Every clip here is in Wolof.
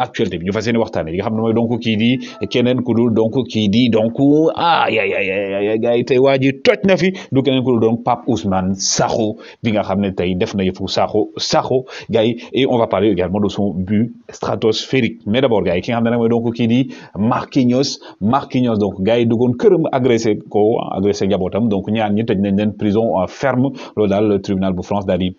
actualité bi ñu fas yéene waxtaane li nga xamne moy donc ki di keneen ku dul donc ki di donc ah yaay yaay yaay gars yi tey waa ji toj na fi du keneen ku dul donc Pape Ousmane Sakho bi nga xamne tay def na yëfu Sakho Sakho gars et on va parler également de son but stratosphérique mais d'abord gars ki nga xamne moy donc ki di Marquinhos Marquinhos donc gars yi duggoon këram agressé ko agressé jabotam donc ñaar ñi tej nañ len prison euh, ferme lo dal le tribunal bu France dali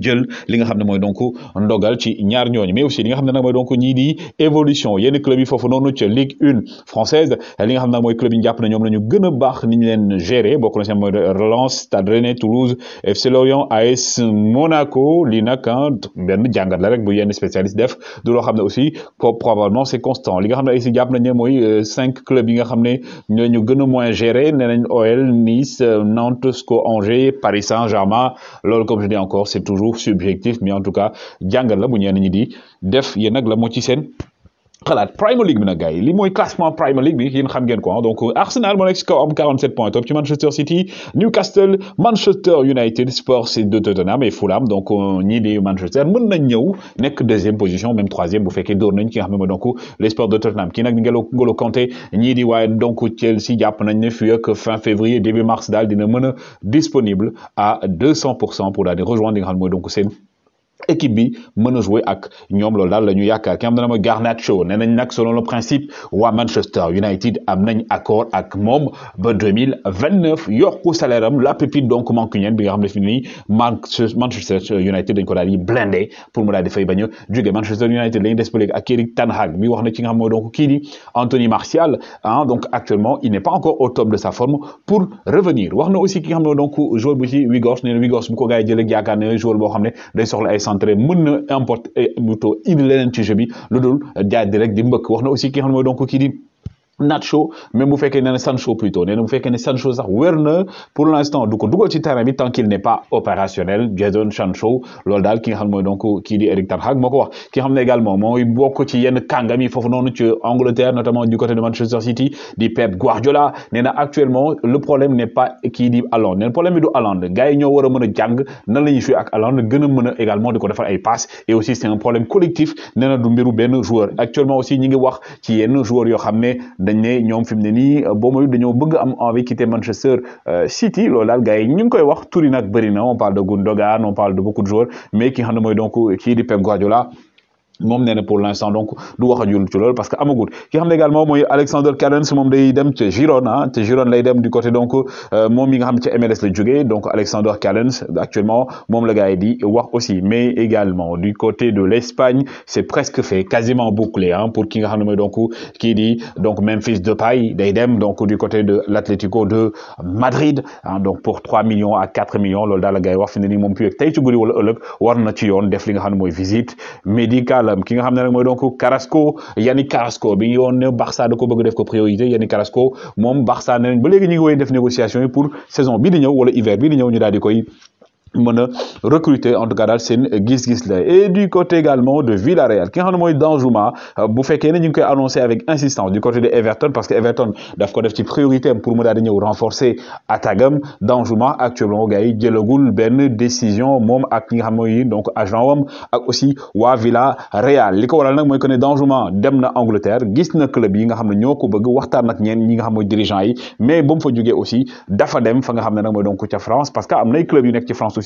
jël li nga xam ne mooy donc ndogal ci ñaar ñooñu mais aussi li nga xam ne nag mooy donc ñii di évolution yenn club yi foofu noonu ca Ligue 1 française li nga xam ne nag mooy club yi jàpp na ñoom la ñu gën a baax ni ñu leen gérer bokk na si mooy relance Stade Rennais Toulouse FC Lorient AS Monaco lii nag ah, benn jàngat la rek bu yenn spécialiste def du loo xam ne aussi probablement c'est constant li nga xam ne aussi jàpp nañ ne mooy euh, cinq clubs yi nga xam ne ñu la ñu gën a moins géré nee nañ OL Nice Nantes SCO Angers Paris Saint-Germain loolu comme je dis encore c'est tout toujours subjectif mais en tout cas jàngal la bu ñenn ñi di def yéen nag la moo ci seen xalaat Premier League bi nag gars yi li mooy classement Premier League bi yéen xam ngeen ko ah. donc Arsenal moo nekk am 47 points top ci Manchester City Newcastle Manchester United Sports de Tottenham et Fulham donc euh, ñii di Manchester mën nañ ñëw nekk deuxième position même troisième vous fekkee que nañ ki nga xam ne donc les sports de Tottenham qui nag pas Ngolo lo golo ñii di waaye donc Chelsea jàpp nañ ne fii ak fin février début mars daal dina mën a disponible à 200 pour aller rejoindre li donc c'est équipe bi mën a jouer ak ñom lool dal lañu yakkar yaakaar ki am dana mooy Garnacho nenañ nak selon le principe wa Manchester United am nañ accord ak mom ba 2029 yokku salaire am la pépite donc mancunien bi nga xam ne Manchester United dañ ko daal di blindé pour mu daal di fay bañu jugé Manchester United la ñu des ak Eric Ten Hag mi wax na ci nga xam mo donc kii di Anthony Martial hein donc actuellement il n'est pas encore au top de sa forme pour revenir wax na aussi ki nga xam donc joueur bu ci Wigors nee Wigors bu ko gaay jël ak yakkar né joueur bo xamné day soxla décentré mën na importe eh, plutôt indi leneen ci jeu bi lu dul eh, jaay direct di mbëkk wax na aussi ki nga xam ne mooy donc kii di Nacho même vous faites nee Sancho plutôt nee na bu fekkee Sancho sax wér pour l'instant, instant du coup, dugal ci terrain bi tant qu'il n'est pas opérationnel Jadon Sancho loolu qui ramène donc qui dit Eric Ten Hag moo qui wax ki nga xam également mooy bokk ci yenn kàngam yi foofu ci Angleterre notamment du côté de Manchester City di Pep Guardiola nee actuellement le problème n'est pas qui dit Haaland Le problème est du Haaland gars yi ñoo war a nan la ak également du côté defal ay passe. et aussi c'est un problème collectif nee na du mbiru benn joueur actuellement aussi ñi ngi wax ci yenn joueurs yoo xam dañ ne ñoom fi mu ne nii euh, boo mayu dañoo bëgg am envie quitter Manchester euh, City loolu daal gars yi ñu ngi koy wax turi nag bëri na on parle de Gundogan on parle de beaucoup de joueurs mais ki nga xam ne mooy donc kii di Pep Guardiola mom né pour l'instant donc du wax a ci loolu parce que amagut ki xamné également moy Alexander Callens mon day dem ci Girona ah te Girone lay dem du côté donc euh, mom mi nga xam ci MLS la jógee donc Alexander Callens actuellement mon la gars yi di wax aussi mais également du côté de l'Espagne c'est presque fait quasiment bouclé hein pour ki nga xam donc qui dit donc Memphis Depay day dem donc du côté de l'Atlético de Madrid hein donc pour 3 millions à 4 millions loolu da la gars yi wax fini mom nii moom fii ci guddi wala ëllëg war na ci yone def li nga xam moy visite médicale Alam ki nga xam ne nag mooy donc Carrasco Yannick Carrasco bi ñu ne Barça ko bëgg def ko priorité Yannick Carrasco moom Barça ne nañ ba léegi ñu def négociation yi pour wala hiver bi di ñu daal mën recruter en tout cas daal seen gis-gis la et du côté également de Villarreal ki nga xam ne mooy Danjuma bu fekkee ne ñu ngi koy annoncé avec insistance du côté de Everton parce que Everton daf ko def ci priorité pour mu daal di ñëw renforcer attaquam Danjuma actuellement gars yi jëlagul benn décision moom ak ki nga xam mooy donc agent wam ak aussi waa Villarreal li ko waral nag mooy que ne Danjuma dem na Angleterre gis na club yi nga xam ne ñoo ko bëgg waxtaan ak ñeen ñi nga xam mooy dirigeant yi mais bu mu fa jógee aussi dafa dem fa nga xam ne nag mooy donc ca France parce que am nay club yu nekk ci France aussi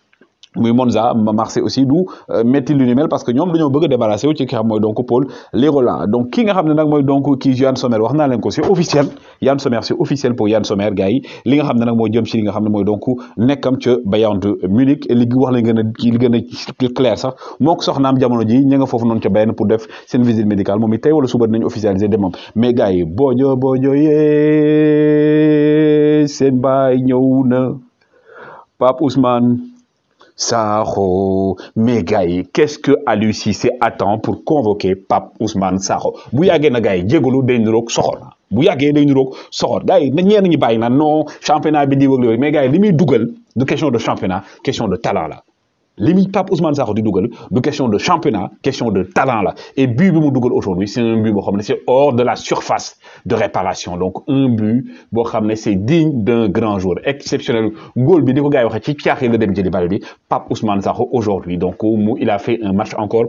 muy Monza Marseille aussi dou euh, metti lu ni mel parce que ñom dañu bëgg a wu ci xam moy donc Paul Lerola donc ki nga xam ne nag mooy donc kii Yann Sommer wax na len ko c'est officiel Yann Sommer c'est officiel pour Yann Sommer gars yi li nga xam ne nag mooy jëm ci li nga xam ne mooy donc nekkam ci Bayern de Munich li wax la gëna a li gëna clair sax moko ko soxnaam jamono ji ñinga fofu non ci Bayern pour def sen visite médicale momi tay wala suba dañu officialiser demam mais gars yi bojo bojo yee seen baay ñëw na Pape Ousmane Saro, Megaï, qu'est-ce que Aliou Cissé attend pour convoquer Pape Ousmane Saro bu Nagaï, na gars yi Bouyage day niroog bu day non championnat bi di mais gars yi question de championnat question de talent là limite muy Pape Ousmane Sakho di Dougal, question de championnat question de talent là. et but bi Dougal aujourd'hui c'est un but c'est hors de la surface de réparation donc un but c'est digne d'un grand jour. exceptionnel goal bi ni qui gars yi waxee ci débat aujourd'hui. Pape Ousmane Sakho aujourd'hui donc il a fait un match encore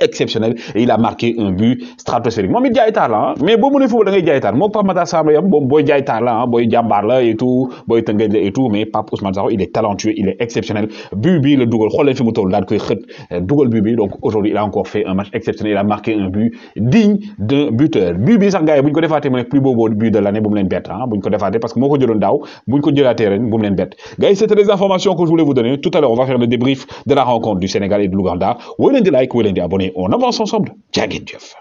exceptionnel et il a marqué un but stratosphérique moom it jaay taar mais boo mënee football da ngay jaay taar moom Pape Matar Sarr yam moom booy jaay taar la ah booy jàmbaar la et tout booy la et tout mais Pape Ousmane Sakho il est talentueux il est exceptionnel Bubi, le Dougal, dugal xool leen fi mu toll daal koy eh, donc aujourd'hui il a encore fait un match exceptionnel il a marqué un but digne d'un buteur Bubi, c'est sax gars yi bu ñu ko defaatee plus beau but de l'année bu mu leen bett ah bu ko parce que moo ko jëloon daaw bu ñu ko terrain, ren bu mu gars c'était les informations que je voulais vous donner tout à l'heure on va faire le débrief de la rencontre du Sénégal et de l'Ouganda woy leen di like woy leen di abonnés on, est, on avance ensemble. Diagen Diouf.